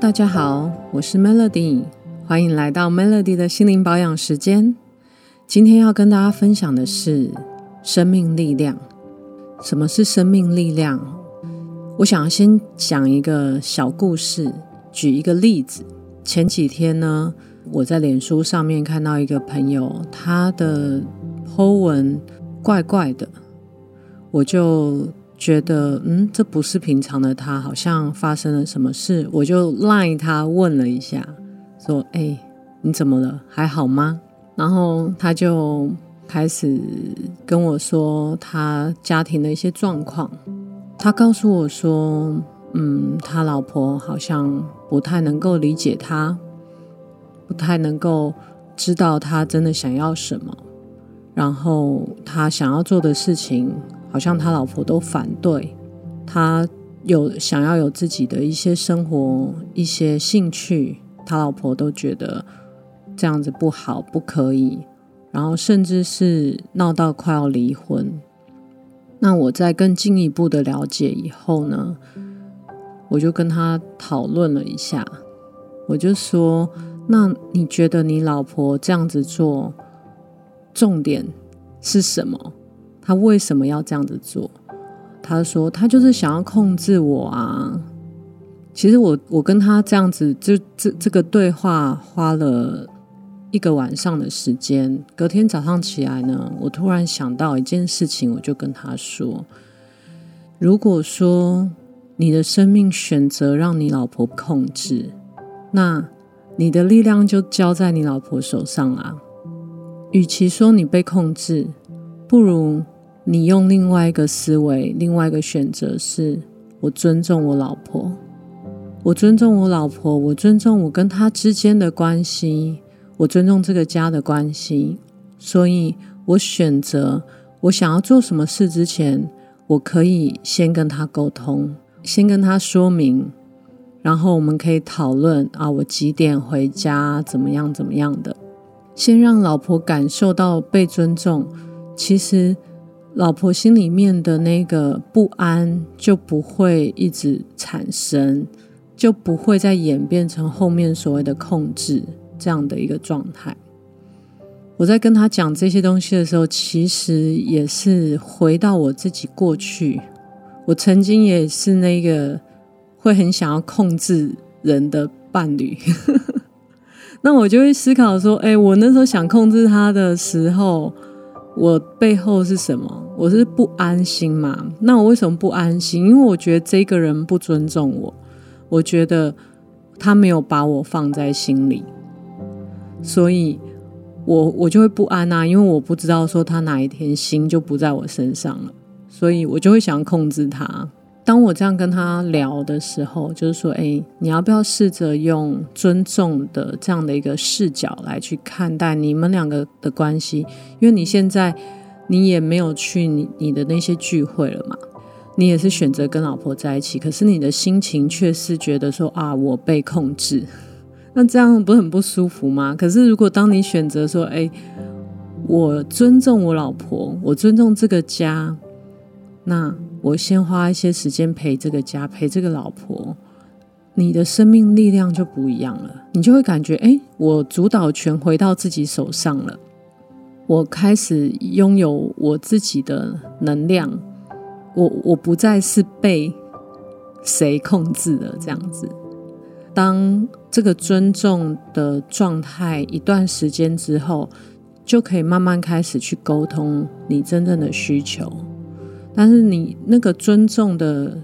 大家好，我是 Melody，歡迎來到 Melody 的心靈保養時間。今天要跟大家分享的是生命力量。什麼是生命力量？我想要先講一個小故事，舉一個例子。前幾天呢，我在臉書上面看到一個朋友，他的 PO 文怪怪的，我就覺得嗯，這不是平常的他，好像發生了什麼事。我就 line 他問了一下，說：“哎、欸，你怎麼了？還好嗎？”然後他就開始跟我說他家庭的一些狀況。他告訴我說：“嗯，他老婆好像不太能夠理解他，不太能夠知道他真的想要什麼，然後他想要做的事情。”好像他老婆都反對他有想要有自己的一些生活、一些興趣，他老婆都覺得這樣子不好、不可以，然後甚至是鬧到快要離婚。那我在更進一步的了解以後呢，我就跟他討論了一下，我就說：“那你覺得你老婆這樣子做，重點是什麼？”他為什麼要這樣子做？他說：“他就是想要控制我啊。”其實我我跟他這樣子，這這這個對話花了一個晚上的時間。隔天早上起來呢，我突然想到一件事情，我就跟他說：“如果說你的生命選擇讓你老婆控制，那你的力量就交在你老婆手上啊。與其說你被控制，不如……”你用另外一個思維，另外一個選擇是：我尊重我老婆，我尊重我老婆，我尊重我跟她之間的關係，我尊重這個家的關係。所以，我選擇我想要做什麼事之前，我可以先跟她溝通，先跟她說明，然後我們可以討論啊，我幾點回家，怎麼樣，怎麼樣的，先讓老婆感受到被尊重。其實。老婆心裡面的那個不安就不會一直產生，就不會再演變成後面所謂的控制這樣的一個狀態。我在跟他講這些東西的時候，其實也是回到我自己過去，我曾經也是那個會很想要控制人的伴侶。 那我就會思考說：欸，我那時候想控制他的時候，我背後是什麼？我是不安心嘛？那我為什麼不安心？因為我覺得這個人不尊重我，我覺得他沒有把我放在心裡，所以我我就會不安啊。因為我不知道說他哪一天心就不在我身上了，所以我就會想控制他。當我這樣跟他聊的時候，就是說，欸，你要不要試着用尊重的這樣的一個視角來去看待你們兩個的關係？因為你現在你也沒有去你你的那些聚會了嘛，你也是選擇跟老婆在一起，可是你的心情卻是覺得說啊，我被控制，那這樣不是很不舒服嗎？可是如果當你選擇說，欸，我尊重我老婆，我尊重這個家，那。我先花一些時間陪這個家，陪這個老婆，你的生命力量就不一樣了。你就會感覺，哎、欸，我主導權回到自己手上了。我開始擁有我自己的能量，我我不再是被誰控制了。這樣子，當這個尊重的狀態一段時間之後，就可以慢慢開始去溝通你真正的需求。但是你那個尊重的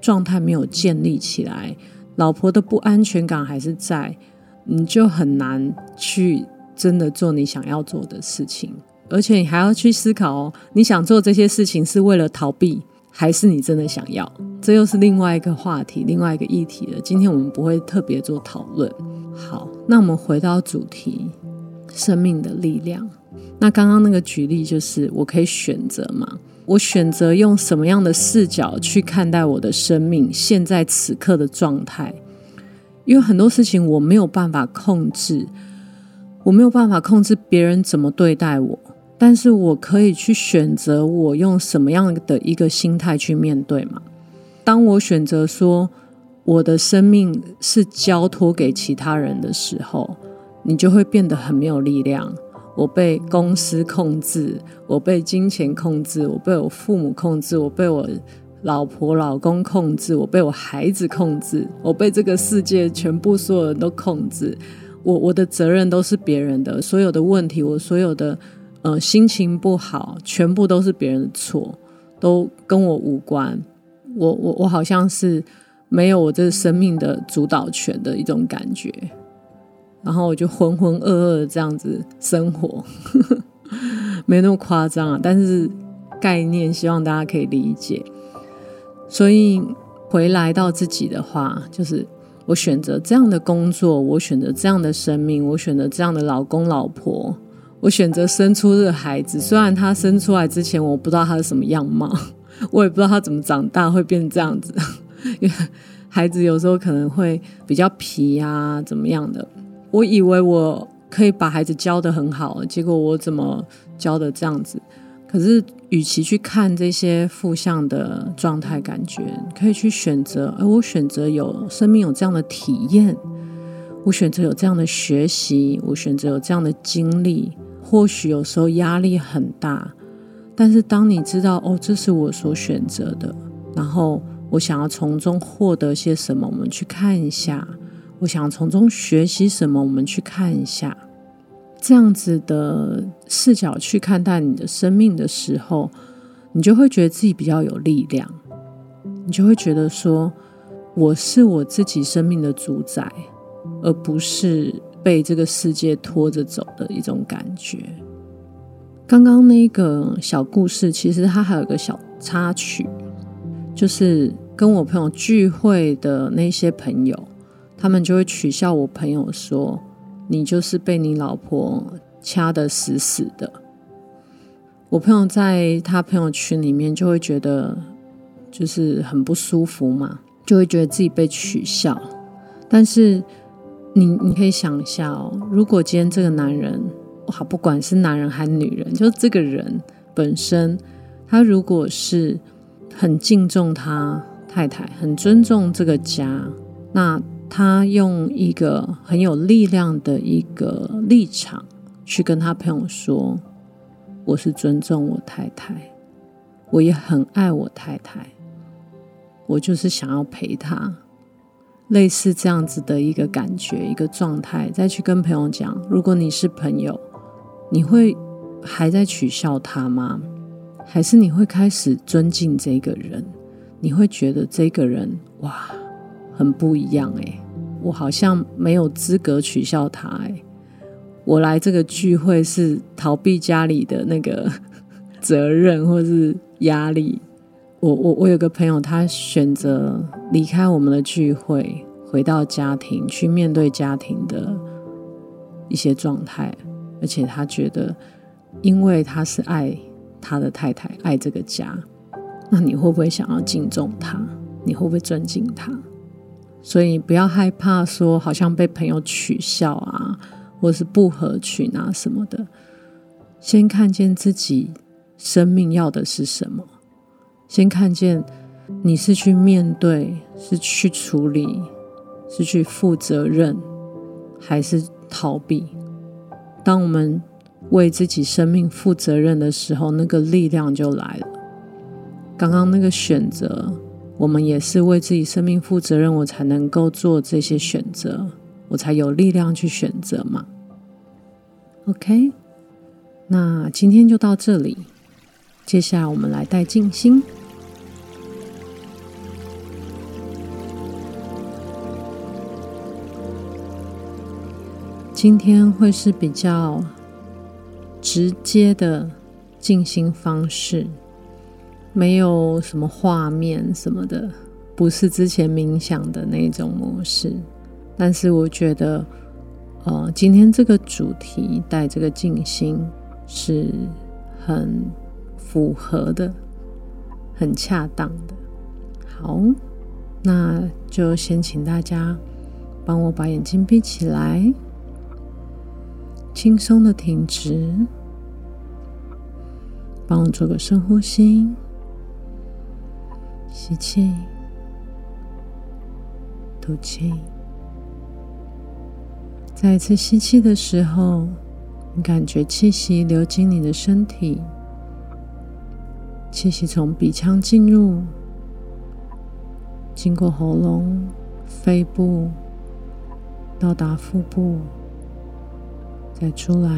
狀態沒有建立起來，老婆的不安全感還是在，你就很難去真的做你想要做的事情。而且你還要去思考哦，你想做這些事情是為了逃避，還是你真的想要？這又是另外一個話題，另外一個議題了。今天我們不會特別做討論。好，那我們回到主題，生命的力量。那剛剛那個舉例就是，我可以選擇嗎？我選擇用什麼樣的視角去看待我的生命，現在此刻的狀態，因為很多事情我沒有辦法控制，我沒有辦法控制別人怎麼對待我，但是我可以去選擇我用什麼樣的一個心態去面對嘛。當我選擇說我的生命是交托給其他人的時候，你就會變得很沒有力量。我被公司控制，我被金錢控制，我被我父母控制，我被我老婆老公控制，我被我孩子控制，我被這個世界全部所有人都控制。我我的責任都是別人的，所有的問題，我所有的呃心情不好，全部都是別人的錯，都跟我無關。我我我好像是沒有我這生命的主導權的一種感覺。然後我就渾渾噩噩這樣子生活， 沒那麼誇張啊，但是概念希望大家可以理解。所以回來到自己的話，就是我選擇這樣的工作，我選擇這樣的生命，我選擇這樣的老公老婆，我選擇生出這個孩子。雖然他生出來之前，我不知道他是什麼樣貌，我也不知道他怎麼長大會變成這樣子，因為孩子有時候可能會比較皮啊，怎麼樣的。我以為我可以把孩子教得很好，結果我怎麼教得這樣子？可是，與其去看這些負向的狀態，感覺可以去選擇。哎，我選擇有生命有這樣的體驗，我選擇有這樣的學習，我選擇有這樣的經歷。或許有時候壓力很大，但是當你知道哦，這是我所選擇的，然後我想要從中獲得些什麼，我們去看一下。我想從中學習什麼？我們去看一下，這樣子的視角去看待你的生命的時候，你就會覺得自己比較有力量，你就會覺得說我是我自己生命的主宰，而不是被這個世界拖着走的一種感覺。剛剛那個小故事，其實它還有個小插曲，就是跟我朋友聚會的那些朋友。他們就會取笑我朋友說：“你就是被你老婆掐得死死的。”我朋友在他朋友圈裡面就會覺得就是很不舒服嘛，就會覺得自己被取笑。但是你你可以想一下哦，如果今天這個男人，哇，不管是男人還是女人，就這個人本身，他如果是很敬重他太太，很尊重這個家，那。他用一個很有力量的一個立場去跟他朋友說：“我是尊重我太太，我也很愛我太太，我就是想要陪他。”類似這樣子的一個感覺、一個狀態，再去跟朋友講：“如果你是朋友，你會還在取笑他嗎？還是你會開始尊敬這個人？你會覺得這個人，哇！”很不一樣誒，我好像沒有資格取笑他誒，我來這個聚會是逃避家裡的那個責任或是壓力。我我我有個朋友，他選擇離開我們的聚會，回到家庭，去面對家庭的一些狀態。而且他覺得，因為他是愛他的太太，愛這個家，那你會不會想要敬重他？你會不會尊敬他？所以不要害怕說好像被朋友取笑啊，或是不合群啊什麼的。先看見自己生命要的是什麼，先看見你是去面對，是去處理，是去負責任，還是逃避？當我們為自己生命負責任的時候，那個力量就來了。剛剛那個選擇。我們也是為自己生命負責任，我才能夠做這些選擇，我才有力量去選擇嘛。OK，那今天就到這裡，接下來我們來帶靜心。今天會是比較直接的靜心方式。沒有什麼畫面什麼的，不是之前冥想的那種模式，但是我覺得，呃，今天這個主題帶這個靜心是很符合的，很恰當的。好，那就先請大家幫我把眼睛閉起來，輕鬆的挺直，幫我做個深呼吸。吸氣，吐氣。再一次吸氣的時候，你感覺氣息流進你的身體，氣息從鼻腔進入，經過喉嚨、肺部，到達腹部，再出來。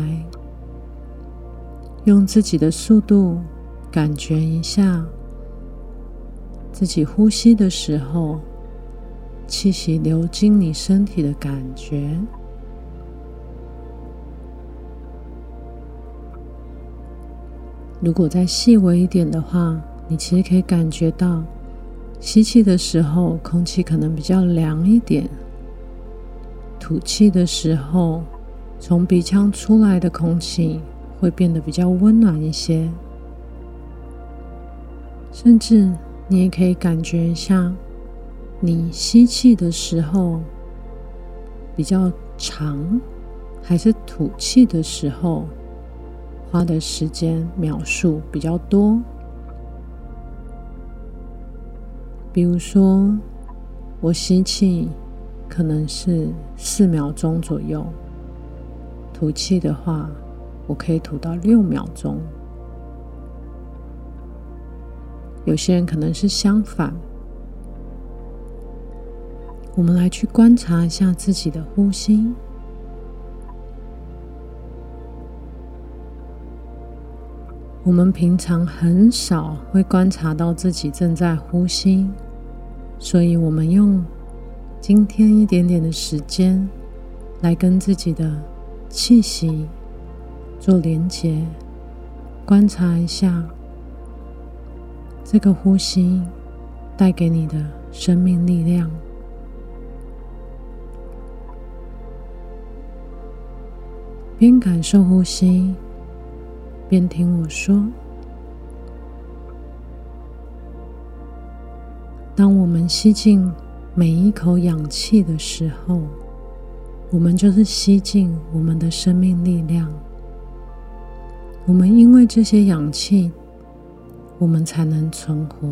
用自己的速度感覺一下。自己呼吸的時候，氣息流經你身體的感覺。如果再細微一點的話，你其實可以感覺到，吸氣的時候空氣可能比較涼一點，吐氣的時候從鼻腔出來的空氣會變得比較溫暖一些，甚至。你也可以感覺一下，你吸氣的時候比較長，還是吐氣的時候花的時間秒數比較多。比如說，我吸氣可能是四秒鐘左右，吐氣的話，我可以吐到六秒鐘。有些人可能是相反。我們來去觀察一下自己的呼吸。我們平常很少會觀察到自己正在呼吸，所以我們用今天一點點的時間來跟自己的氣息做連結，觀察一下。這個呼吸帶給你的生命力量，邊感受呼吸，邊聽我說。當我們吸進每一口氧氣的時候，我們就是吸進我們的生命力量。我們因為這些氧氣。我們才能存活。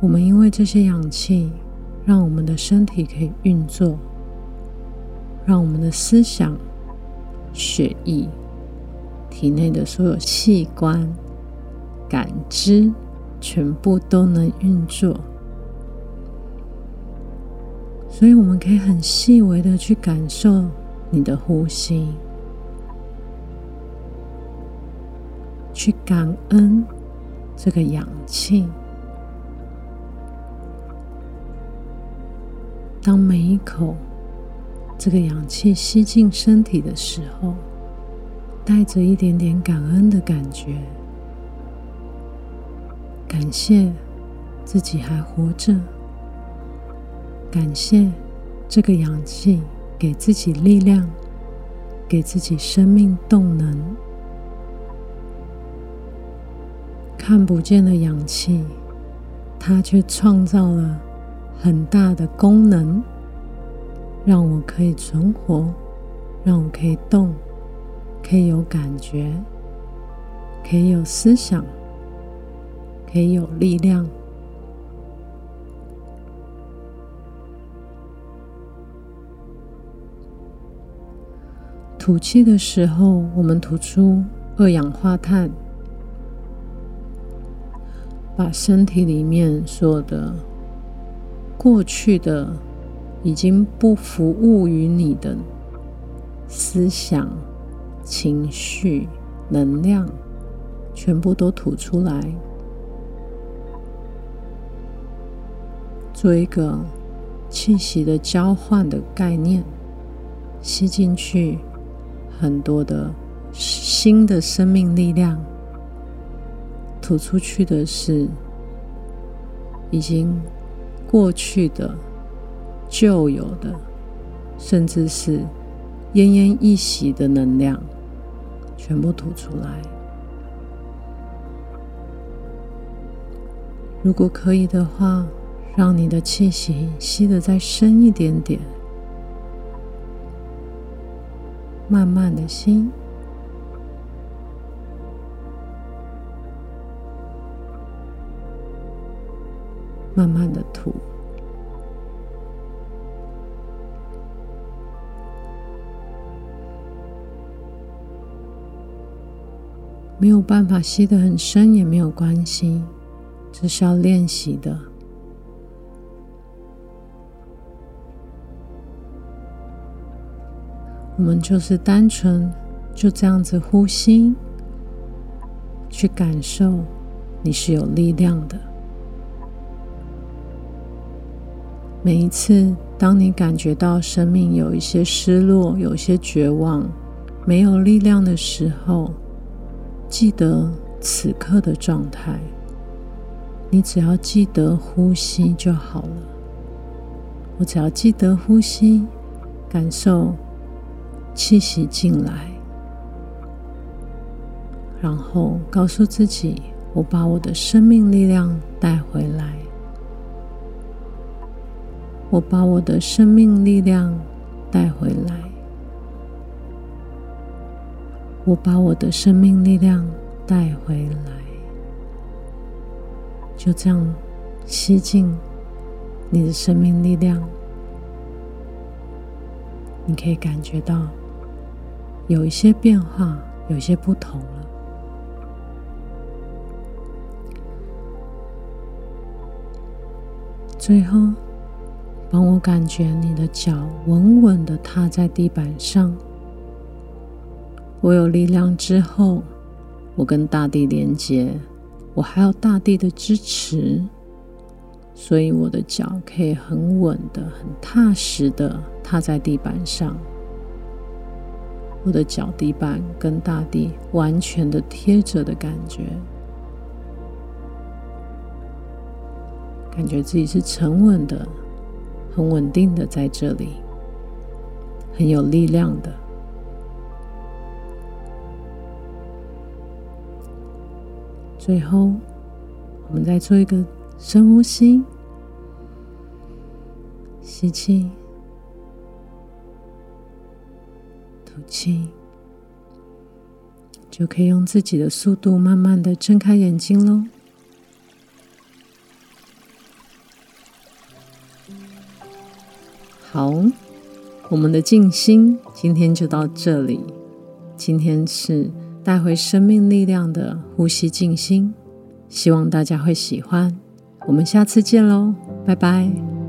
我們因為這些氧氣，讓我們的身體可以運作，讓我們的思想、血液、體內的所有器官、感知，全部都能運作。所以，我們可以很細微的去感受你的呼吸。去感恩這個氧氣。當每一口這個氧氣吸進身體的時候，帶着一點點感恩的感覺，感謝自己還活着，感謝這個氧氣給自己力量，給自己生命動能。看不見的氧氣，它卻創造了很大的功能，讓我可以存活，讓我可以動，可以有感覺，可以有思想，可以有力量。吐氣的時候，我們吐出二氧化碳。把身體裡面所有的過去的、已經不服務於你的思想、情緒、能量，全部都吐出來，做一個氣息的交換的概念，吸進去很多的新的生命力量。吐出去的是已經過去的、舊有的，甚至是奄奄一息的能量，全部吐出來。如果可以的話，讓你的氣息吸得再深一點點，慢慢的吸。慢慢的吐，沒有辦法吸的很深也沒有關係，這是要練習的。我們就是單純就這樣子呼吸，去感受你是有力量的。每一次，當你感覺到生命有一些失落、有一些絕望、沒有力量的時候，記得此刻的狀態。你只要記得呼吸就好了。我只要記得呼吸，感受氣息進來，然後告訴自己，我把我的生命力量帶回來。我把我的生命力量帶回來，我把我的生命力量帶回來，就這樣吸進你的生命力量，你可以感覺到有一些變化，有一些不同了，最後。當我感覺你的腳穩穩的踏在地板上，我有力量之後，我跟大地連接，我還有大地的支持，所以我的腳可以很穩的、很踏實的踏在地板上。我的腳底板跟大地完全的貼着的感覺，感覺自己是沉穩的。很穩定的在這裡，很有力量的。最後，我們再做一個深呼吸，吸氣，吐氣，就可以用自己的速度慢慢的睜開眼睛嘍。好，我們的靜心今天就到這裡。今天是帶回生命力量的呼吸靜心，希望大家會喜歡。我們下次見嘍，拜拜。